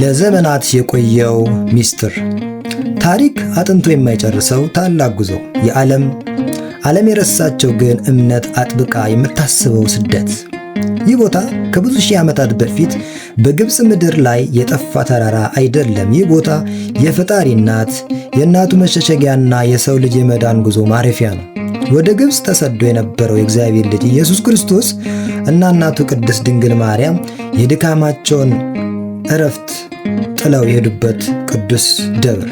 ለዘመናት የቆየው ሚስጥር ታሪክ አጥንቶ የማይጨርሰው ታላቅ ጉዞ የዓለም ዓለም የረሳቸው ግን እምነት አጥብቃ የምታስበው ስደት። ይህ ቦታ ከብዙ ሺህ ዓመታት በፊት በግብፅ ምድር ላይ የጠፋ ተራራ አይደለም። ይህ ቦታ የፈጣሪ እናት፣ የእናቱ መሸሸጊያና የሰው ልጅ የመዳን ጉዞ ማረፊያ ነው። ወደ ግብፅ ተሰዶ የነበረው የእግዚአብሔር ልጅ ኢየሱስ ክርስቶስ እና እናቱ ቅድስት ድንግል ማርያም የድካማቸውን እረፍት ጥለው የሄዱበት ቅዱስ ደብር።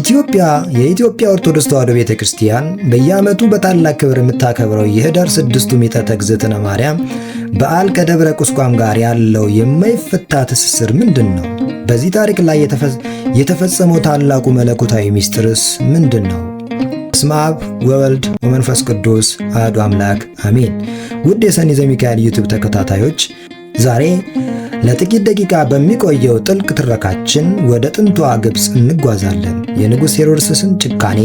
ኢትዮጵያ የኢትዮጵያ ኦርቶዶክስ ተዋሕዶ ቤተ ክርስቲያን በየዓመቱ በታላቅ ክብር የምታከብረው የህዳር ስድስቱ ምጽአተ እግዝእትነ ማርያም በዓል ከደብረ ቁስቋም ጋር ያለው የማይፈታ ትስስር ምንድን ነው? በዚህ ታሪክ ላይ የተፈጸመው ታላቁ መለኮታዊ ሚስጥርስ ምንድን ነው? በስመ አብ ወወልድ ወመንፈስ ቅዱስ አሐዱ አምላክ አሜን። ውድ የሰኒ ዘሚካኤል ዩቱብ ተከታታዮች ዛሬ ለጥቂት ደቂቃ በሚቆየው ጥልቅ ትረካችን ወደ ጥንቷ ግብፅ እንጓዛለን። የንጉሥ ሄሮድስን ጭካኔ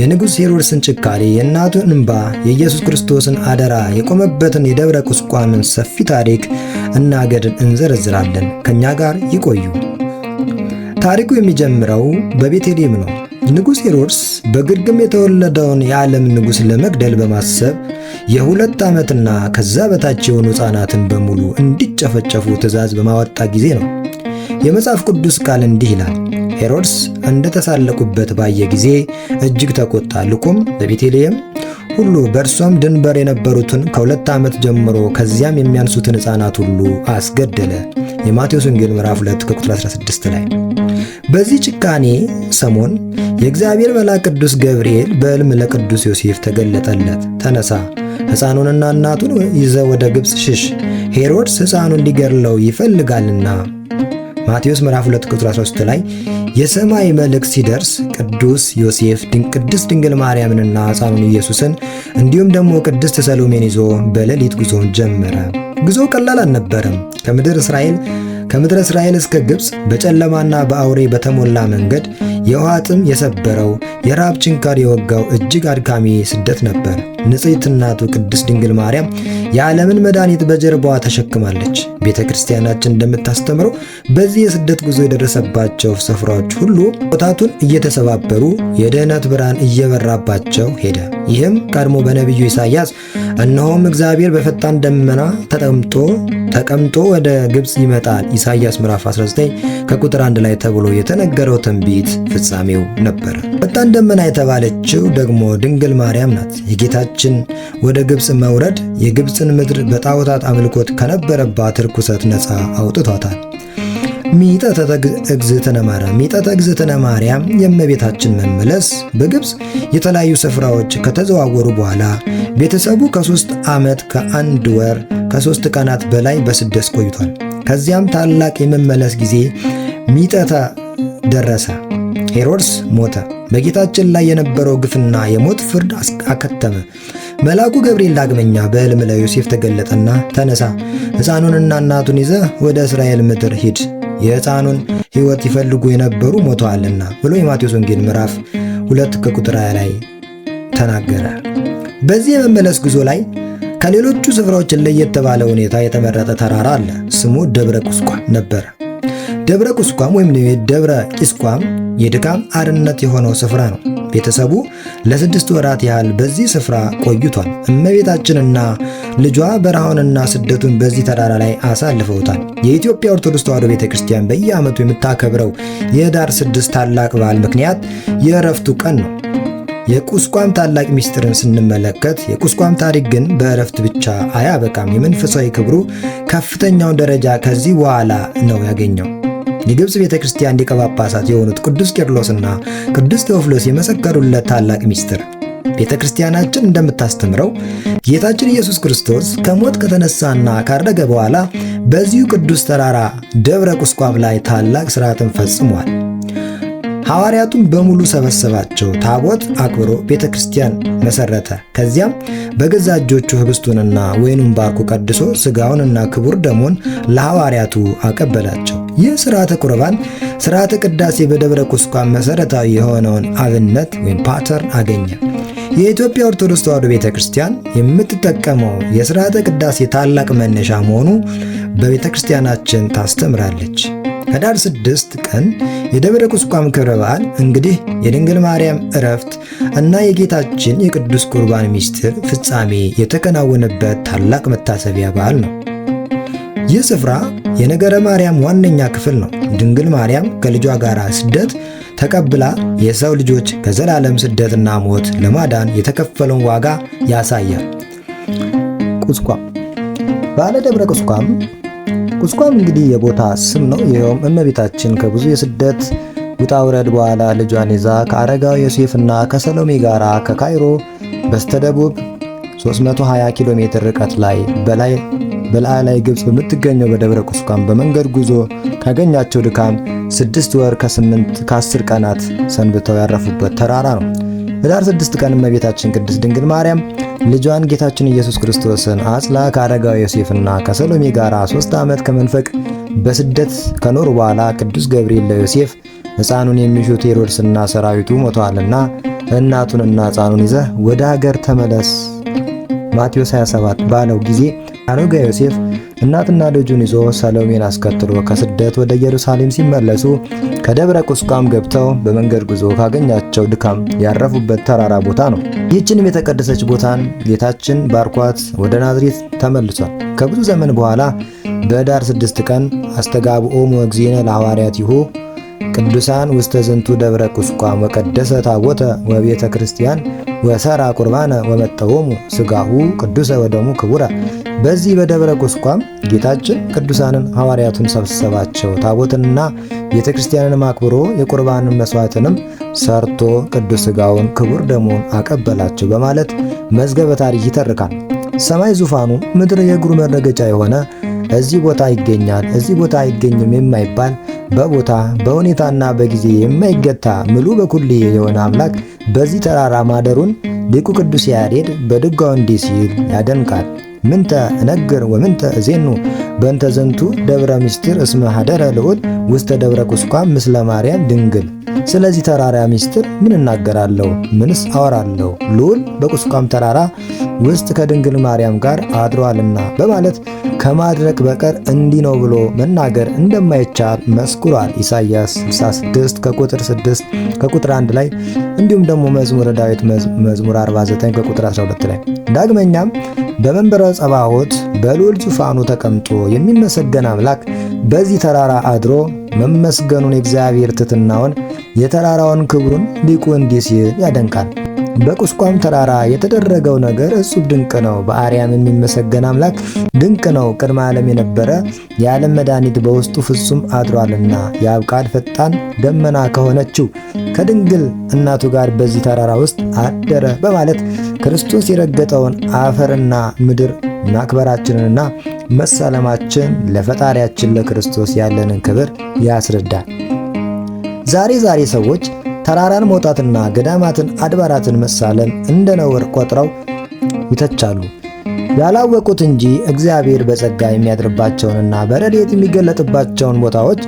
የንጉሥ ሄሮድስን ጭካኔ፣ የእናቱን እንባ፣ የኢየሱስ ክርስቶስን አደራ የቆመበትን የደብረ ቁስቋምን ሰፊ ታሪክ እና ገድል እንዘረዝራለን። ከእኛ ጋር ይቆዩ። ታሪኩ የሚጀምረው በቤተልሔም ነው። ንጉሥ ሄሮድስ በግርግም የተወለደውን የዓለም ንጉሥ ለመግደል በማሰብ የሁለት ዓመትና ከዛ በታች የሆኑ ሕፃናትን በሙሉ እንዲጨፈጨፉ ትእዛዝ በማወጣ ጊዜ ነው። የመጽሐፍ ቅዱስ ቃል እንዲህ ይላል። ሄሮድስ እንደተሳለቁበት ባየ ጊዜ እጅግ ተቆጣ። ልኩም በቤተልሔም ሁሉ በእርሷም ድንበር የነበሩትን ከሁለት ዓመት ጀምሮ ከዚያም የሚያንሱትን ሕፃናት ሁሉ አስገደለ። የማቴዎስ ወንጌል ምዕራፍ 2 ከቁጥር 16 ላይ በዚህ ጭካኔ ሰሞን የእግዚአብሔር መልአክ ቅዱስ ገብርኤል በሕልም ለቅዱስ ዮሴፍ ተገለጠለት። ተነሳ፣ ሕፃኑንና እናቱን ይዘ ወደ ግብፅ ሽሽ፣ ሄሮድስ ሕፃኑን ሊገድለው ይፈልጋልና። ማቴዎስ ምዕራፍ 2 ቁጥር 13 ላይ የሰማይ መልእክት ሲደርስ ቅዱስ ዮሴፍ ቅድስት ድንግል ማርያምንና ሕፃኑን ኢየሱስን እንዲሁም ደግሞ ቅድስት ሰሎሜን ይዞ በሌሊት ጉዞውን ጀመረ። ጉዞ ቀላል አልነበረም። ከምድር እስራኤል ከምድረ እስራኤል እስከ ግብፅ በጨለማና በአውሬ በተሞላ መንገድ የውሃ ጥም የሰበረው የራብ ችንካር የወጋው እጅግ አድካሚ ስደት ነበር። ንጽሕት እናቱ ቅድስት ድንግል ማርያም የዓለምን መድኃኒት በጀርባዋ ተሸክማለች። ቤተ ክርስቲያናችን እንደምታስተምረው በዚህ የስደት ጉዞ የደረሰባቸው ስፍራዎች ሁሉ ቦታቱን እየተሰባበሩ የድኅነት ብርሃን እየበራባቸው ሄደ። ይህም ቀድሞ በነቢዩ ኢሳያስ እነሆም እግዚአብሔር በፈጣን ደመና ተቀምጦ ተቀምጦ ወደ ግብፅ ይመጣል። ኢሳይያስ ምዕራፍ 19 ከቁጥር 1 ላይ ተብሎ የተነገረው ትንቢት ፍጻሜው ነበረ። ፈጣን ደመና የተባለችው ደግሞ ድንግል ማርያም ናት። የጌታችን ወደ ግብፅ መውረድ የግብፅን ምድር በጣዖታት አምልኮት ከነበረባት ርኩሰት ነፃ አውጥቷታል። ሚጠተ እግዝእትነ ማርያም ሚጠተ እግዝእትነ ማርያም የእመቤታችን መመለስ በግብፅ የተለያዩ ስፍራዎች ከተዘዋወሩ በኋላ ቤተሰቡ ከሶስት ዓመት ከአንድ ወር ከሶስት ቀናት በላይ በስደት ቆይቷል። ከዚያም ታላቅ የመመለስ ጊዜ ሚጠተ ደረሰ። ሄሮድስ ሞተ። በጌታችን ላይ የነበረው ግፍና የሞት ፍርድ አከተመ። መልአኩ ገብርኤል ዳግመኛ በሕልም ለዮሴፍ ተገለጠና፣ ተነሳ፣ ሕፃኑንና እናቱን ይዘህ ወደ እስራኤል ምድር ሂድ፣ የሕፃኑን ሕይወት ይፈልጉ የነበሩ ሞተዋልና ብሎ የማቴዎስ ወንጌል ምዕራፍ ሁለት ከቁጥር ላይ ተናገረ። በዚህ የመመለስ ጉዞ ላይ ከሌሎቹ ስፍራዎች ለየት ባለ ሁኔታ የተመረጠ ተራራ አለ። ስሙ ደብረ ቁስቋም ነበረ። ደብረ ቁስቋም ወይም ደብረ ቂስቋም የድካም አርነት የሆነው ስፍራ ነው። ቤተሰቡ ለስድስት ወራት ያህል በዚህ ስፍራ ቆይቷል። እመቤታችንና ልጇ በረሃውንና ስደቱን በዚህ ተራራ ላይ አሳልፈውታል። የኢትዮጵያ ኦርቶዶክስ ተዋሕዶ ቤተ ክርስቲያን በየዓመቱ የምታከብረው የኅዳር ስድስት ታላቅ በዓል ምክንያት የእረፍቱ ቀን ነው። የቁስቋም ታላቅ ሚስጥርን ስንመለከት የቁስቋም ታሪክ ግን በእረፍት ብቻ አያበቃም። የመንፈሳዊ ክብሩ ከፍተኛውን ደረጃ ከዚህ በኋላ ነው ያገኘው። የግብፅ ቤተ ክርስቲያን ሊቀ ጳጳሳት የሆኑት ቅዱስ ቄርሎስና ቅዱስ ቴዎፍሎስ የመሰከሩለት ታላቅ ሚስጥር ቤተ ክርስቲያናችን እንደምታስተምረው ጌታችን ኢየሱስ ክርስቶስ ከሞት ከተነሳና ካረገ በኋላ በዚሁ ቅዱስ ተራራ ደብረ ቁስቋም ላይ ታላቅ ሥርዓትን ፈጽሟል። ሐዋርያቱም በሙሉ ሰበሰባቸው፣ ታቦት አክብሮ ቤተ ክርስቲያን መሰረተ። ከዚያም በገዛ እጆቹ ህብስቱንና ወይኑን ባርኮ ቀድሶ ስጋውንና ክቡር ደሞን ለሐዋርያቱ አቀበላቸው። ይህ ስርዓተ ቁርባን ስርዓተ ቅዳሴ በደብረ ቁስቋም መሰረታዊ የሆነውን አብነት ወይም ፓተር አገኘ። የኢትዮጵያ ኦርቶዶክስ ተዋሕዶ ቤተ ክርስቲያን የምትጠቀመው የስርዓተ ቅዳሴ ታላቅ መነሻ መሆኑ በቤተ ክርስቲያናችን ታስተምራለች። ህዳር ስድስት ቀን የደብረ ቁስቋም ክብረ በዓል እንግዲህ የድንግል ማርያም እረፍት እና የጌታችን የቅዱስ ቁርባን ሚስጥር ፍጻሜ የተከናወነበት ታላቅ መታሰቢያ በዓል ነው። ይህ ስፍራ የነገረ ማርያም ዋነኛ ክፍል ነው። ድንግል ማርያም ከልጇ ጋር ስደት ተቀብላ የሰው ልጆች ከዘላለም ስደትና ሞት ለማዳን የተከፈለውን ዋጋ ያሳያል። ቁስቋም ባለ ደብረ ቁስቋም ቁስቋም እንግዲህ የቦታ ስም ነው። ይኸውም እመቤታችን ከብዙ የስደት ውጣ ውረድ በኋላ ልጇን ይዛ ከአረጋዊ ዮሴፍና ከሰሎሜ ጋር ከካይሮ በስተደቡብ 320 ኪሎ ሜትር ርቀት ላይ በላይ በላዕላይ ግብፅ በምትገኘው በደብረ ቁስቋም በመንገድ ጉዞ ካገኛቸው ድካም ስድስት ወር ከስምንት ከአስር ቀናት ሰንብተው ያረፉበት ተራራ ነው። ኅዳር ስድስት ቀን እመቤታችን ቅድስት ድንግል ማርያም ልጇን ጌታችን ኢየሱስ ክርስቶስን አጽላ ከአረጋዊ ዮሴፍና ከሰሎሜ ጋር ሦስት ዓመት ከመንፈቅ በስደት ከኖሩ በኋላ ቅዱስ ገብርኤል ለዮሴፍ ሕፃኑን የሚሹት ሄሮድስና ሰራዊቱ ሞተዋልና እናቱንና ሕፃኑን ይዘህ ወደ አገር ተመለስ ማቴዎስ 27 ባለው ጊዜ አረጋ ዮሴፍ እናትና ልጁን ይዞ ሰሎሜን አስከትሎ ከስደት ወደ ኢየሩሳሌም ሲመለሱ ከደብረ ቁስቋም ገብተው በመንገድ ጉዞ ካገኛቸው ድካም ያረፉበት ተራራ ቦታ ነው። ይህችንም የተቀደሰች ቦታን ጌታችን ባርኳት ወደ ናዝሬት ተመልሷል። ከብዙ ዘመን በኋላ በኅዳር ስድስት ቀን አስተጋብኦሙ እግዚእነ ለሐዋርያቲሁ ቅዱሳን ውስተ ዝንቱ ደብረ ቁስቋም ወቀደሰ ታቦተ ወቤተ ክርስቲያን ወሰራ ቁርባነ ወመጠወሙ ስጋሁ ቅዱሰ ወደሙ ክቡረ። በዚህ በደብረ ቁስቋም ጌታችን ቅዱሳንን ሐዋርያቱን ሰብሰባቸው ታቦትንና ቤተ ክርስቲያንንም አክብሮ የቁርባንን መስዋዕትንም ሰርቶ ቅዱስ ሥጋውን ክቡር ደሙን አቀበላቸው በማለት መዝገበ ታሪክ ይተርካል። ሰማይ ዙፋኑ፣ ምድር የእግሩ መረገጫ የሆነ እዚህ ቦታ ይገኛል፣ እዚህ ቦታ አይገኝም የማይባል በቦታ በሁኔታና በጊዜ የማይገታ ምሉ በኩል የሆነ አምላክ በዚህ ተራራ ማደሩን ሊቁ ቅዱስ ያሬድ በድጓው እንዲህ ሲል ያደንቃል። ምንተ እነግር ወምንተ እዜኑ በእንተ ዘንቱ ደብረ ምስጢር እስመ ሀደረ ልዑል ውስተ ደብረ ቁስቋም ምስለ ማርያም ድንግል። ስለዚህ ተራራ ምስጢር ምን እናገራለሁ? ምንስ አወራለሁ? ልዑል በቁስቋም ተራራ ውስጥ ከድንግል ማርያም ጋር አድሯልና በማለት ከማድረግ በቀር እንዲህ ነው ብሎ መናገር እንደማይቻል መስክሯል። ኢሳይያስ 66 ከቁጥር 6 ከቁጥር 1 ላይ እንዲሁም ደግሞ መዝሙረ ዳዊት መዝሙር 49 ከቁጥር 12 ላይ ዳግመኛም በመንበረ ጸባዖት በልዑል ዙፋኑ ተቀምጦ የሚመሰገን አምላክ በዚህ ተራራ አድሮ መመስገኑን የእግዚአብሔር ትትናውን የተራራውን ክብሩን ሊቁ እንዲህ ሲል ያደንቃል። በቁስቋም ተራራ የተደረገው ነገር እጹብ ድንቅ ነው። በአርያም የሚመሰገን አምላክ ድንቅ ነው። ቅድመ ዓለም የነበረ የዓለም መድኃኒት በውስጡ ፍጹም አድሯልና የአብ ቃል ፈጣን ደመና ከሆነችው ከድንግል እናቱ ጋር በዚህ ተራራ ውስጥ አደረ በማለት ክርስቶስ የረገጠውን አፈርና ምድር ማክበራችንንና መሳለማችን ለፈጣሪያችን ለክርስቶስ ያለንን ክብር ያስረዳል። ዛሬ ዛሬ ሰዎች ተራራን መውጣትና ገዳማትን አድባራትን መሳለም እንደ ነውር ቆጥረው ይተቻሉ። ያላወቁት እንጂ እግዚአብሔር በጸጋ የሚያድርባቸውንና በረድኤት የሚገለጥባቸውን ቦታዎች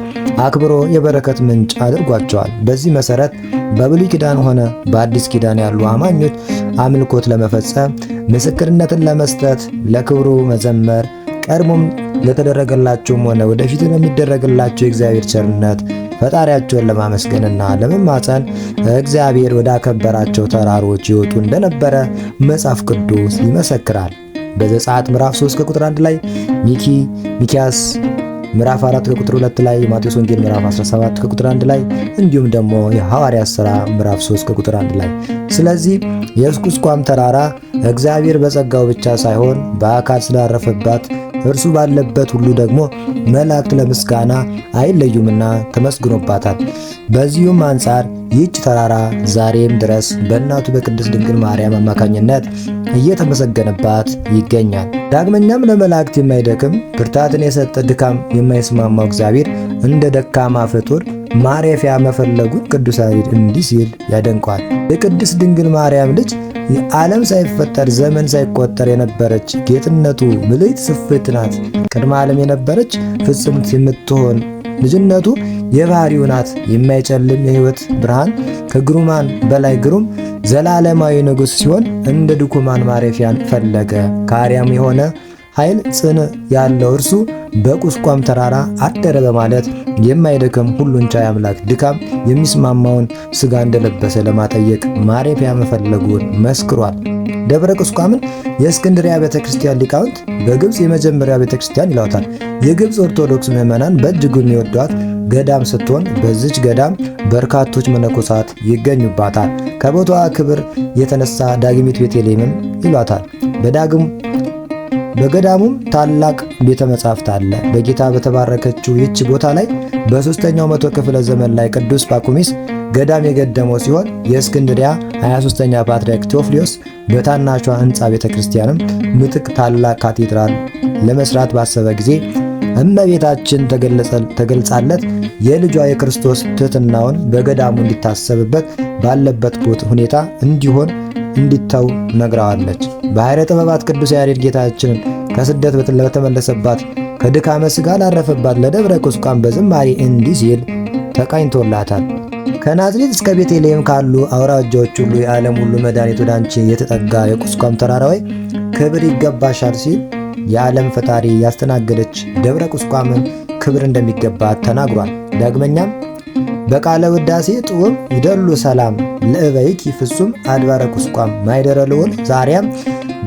አክብሮ የበረከት ምንጭ አድርጓቸዋል። በዚህ መሠረት በብሉይ ኪዳን ሆነ በአዲስ ኪዳን ያሉ አማኞች አምልኮት ለመፈጸም ምስክርነትን ለመስጠት፣ ለክብሩ መዘመር ቀድሞም ለተደረገላችሁም ሆነ ወደፊት ለሚደረግላቸው የእግዚአብሔር ቸርነት ፈጣሪያቸውን ለማመስገንና ለመማፀን እግዚአብሔር ወዳከበራቸው ተራሮች ይወጡ እንደነበረ መጽሐፍ ቅዱስ ይመሰክራል። በዘጸአት ምዕራፍ 3 ከቁጥር 1 ላይ ሚኪ ሚኪያስ ምዕራፍ 4 ከቁጥር 2 ላይ ማቴዎስ ወንጌል ምዕራፍ 17 ከቁጥር 1 ላይ እንዲሁም ደግሞ የሐዋርያት ሥራ ምዕራፍ 3 ከቁጥር 1 ላይ። ስለዚህ የእስኩስኳም ተራራ እግዚአብሔር በጸጋው ብቻ ሳይሆን በአካል ስላረፈባት እርሱ ባለበት ሁሉ ደግሞ መላእክት ለምስጋና አይለዩምና ተመስግኖባታል። በዚሁም አንጻር ይህች ተራራ ዛሬም ድረስ በእናቱ በቅድስት ድንግል ማርያም አማካኝነት እየተመሰገነባት ይገኛል። ዳግመኛም ለመላእክት የማይደክም ብርታትን የሰጠ ድካም የማይስማማው እግዚአብሔር እንደ ደካማ ፍጡር ማረፊያ መፈለጉን ቅዱስ ያሬድ እንዲህ ሲል ያደንቋል። የቅድስት ድንግል ማርያም ልጅ የዓለም ሳይፈጠር ዘመን ሳይቆጠር የነበረች ጌጥነቱ ምልዕት ስፍት ናት። ቅድመ ዓለም የነበረች ፍጽምት የምትሆን ልጅነቱ የባህሪው ናት። የማይጨልም የሕይወት ብርሃን ከግሩማን በላይ ግሩም ዘላለማዊ ንጉሥ ሲሆን እንደ ድኩማን ማረፊያን ፈለገ ከአርያም የሆነ ኃይል ጽን ያለው እርሱ በቁስቋም ተራራ አደረ በማለት የማይደከም ሁሉን ቻይ አምላክ ድካም የሚስማማውን ሥጋ እንደለበሰ ለማጠየቅ ማረፊያ መፈለጉን መስክሯል። ደብረ ቁስቋምን የእስክንድሪያ ቤተ ክርስቲያን ሊቃውንት በግብፅ የመጀመሪያ ቤተ ክርስቲያን ይላውታል። የግብፅ ኦርቶዶክስ ምዕመናን በእጅጉ የሚወዷት ገዳም ስትሆን በዚች ገዳም በርካቶች መነኮሳት ይገኙባታል። ከቦታዋ ክብር የተነሳ ዳግሚት ቤተልሔምም ይሏታል። በዳግም በገዳሙም ታላቅ ቤተ መጻሕፍት አለ። በጌታ በተባረከችው ይህች ቦታ ላይ በሦስተኛው መቶ ክፍለ ዘመን ላይ ቅዱስ ጳኩሚስ ገዳም የገደመው ሲሆን የእስክንድሪያ 23ኛ ፓትርያርክ ቴዎፍሊዮስ በታናሿ ሕንፃ ቤተ ክርስቲያንም ምትክ ታላቅ ካቴድራል ለመሥራት ባሰበ ጊዜ እመቤታችን ተገልጻለት የልጇ የክርስቶስ ትሕትናውን በገዳሙ እንዲታሰብበት ባለበት ቦታ ሁኔታ እንዲሆን እንዲተው ነግረዋለች። ባሕረ ጥበባት ቅዱስ ያሬድ ጌታችንን ከስደት ለተመለሰባት ከድካመ ሥጋ ላረፈባት ለደብረ ቁስቋም በዝማሬ እንዲህ ሲል ተቃኝቶላታል። ከናዝሬት እስከ ቤተልሔም ካሉ አውራጃዎች ሁሉ የዓለም ሁሉ መድኃኒት ወደ አንቺ የተጠጋ የቁስቋም ተራራዊ ክብር ይገባሻል ሲል የዓለም ፈጣሪ ያስተናገደች ደብረ ቁስቋምን ክብር እንደሚገባት ተናግሯል። ዳግመኛም በቃለ ውዳሴ ጥዑም ይደሉ ሰላም ለእበይኪ ፍጹም አድባረ ቁስቋም ማይደረ ልዑል ዛሪያም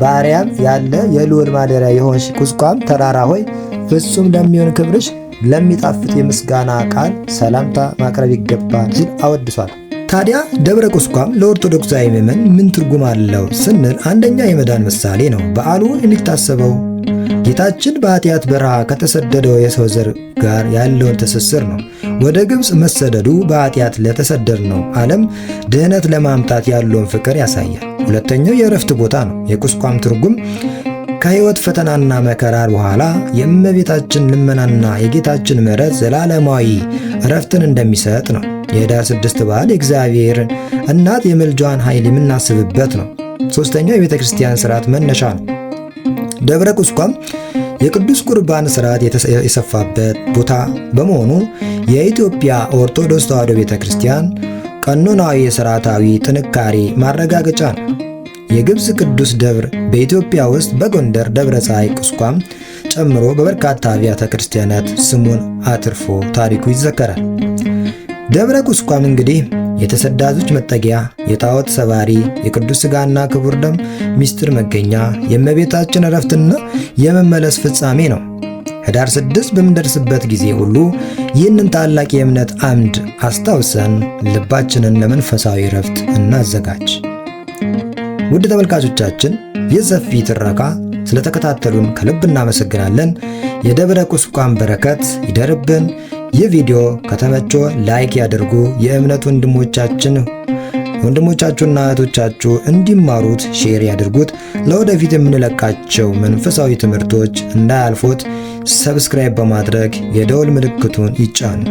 ባሪያም ያለ የልዑል ማደሪያ የሆንሽ ቁስቋም ተራራ ሆይ ፍጹም ለሚሆን ክብርሽ ለሚጣፍጥ የምስጋና ቃል ሰላምታ ማቅረብ ይገባል ሲል አወድሷል። ታዲያ ደብረ ቁስቋም ለኦርቶዶክሳዊ ምዕመን ምን ትርጉም አለው ስንል አንደኛ የመዳን ምሳሌ ነው። በዓሉ የሚታሰበው ጌታችን በኃጢአት በረሃ ከተሰደደው የሰው ዘር ጋር ያለውን ትስስር ነው። ወደ ግብፅ መሰደዱ በኃጢአት ለተሰደድነው ዓለም ደህነት ለማምጣት ያለውን ፍቅር ያሳያል። ሁለተኛው የእረፍት ቦታ ነው። የቁስቋም ትርጉም ከሕይወት ፈተናና መከራ በኋላ የእመቤታችን ልመናና የጌታችን ምሕረት ዘላለማዊ እረፍትን እንደሚሰጥ ነው። የኅዳር ስድስት በዓል የእግዚአብሔር እናት የምልጃዋን ኃይል የምናስብበት ነው። ሦስተኛው የቤተ ክርስቲያን ሥርዓት መነሻ ነው። ደብረ ቁስቋም የቅዱስ ቁርባን ስርዓት የሰፋበት ቦታ በመሆኑ የኢትዮጵያ ኦርቶዶክስ ተዋሕዶ ቤተ ክርስቲያን ቀኖናዊ ስርዓታዊ ጥንካሬ ማረጋገጫ ነው። የግብፅ ቅዱስ ደብር በኢትዮጵያ ውስጥ በጎንደር ደብረ ፀሐይ ቁስቋም ጨምሮ በበርካታ አብያተ ክርስቲያናት ስሙን አትርፎ ታሪኩ ይዘከራል። ደብረ ቁስቋም እንግዲህ የተሰዳዞች መጠጊያ፣ የጣዖት ሰባሪ፣ የቅዱስ ሥጋና ክቡር ደም ምስጢር መገኛ፣ የእመቤታችን እረፍትና የመመለስ ፍጻሜ ነው። ህዳር ስድስት በምንደርስበት ጊዜ ሁሉ ይህንን ታላቅ የእምነት አምድ አስታውሰን ልባችንን ለመንፈሳዊ እረፍት እናዘጋጅ። ውድ ተመልካቾቻችን ሰፊ ትረካ ስለተከታተሉን ከልብ እናመሰግናለን። የደብረ ቁስቋም በረከት ይደርብን። ይህ ቪዲዮ ከተመቾ ላይክ ያድርጉ። የእምነት ወንድሞቻችን ወንድሞቻችሁና እህቶቻችሁ እንዲማሩት ሼር ያድርጉት። ለወደፊት የምንለቃቸው መንፈሳዊ ትምህርቶች እንዳያልፎት ሰብስክራይብ በማድረግ የደወል ምልክቱን ይጫኑ።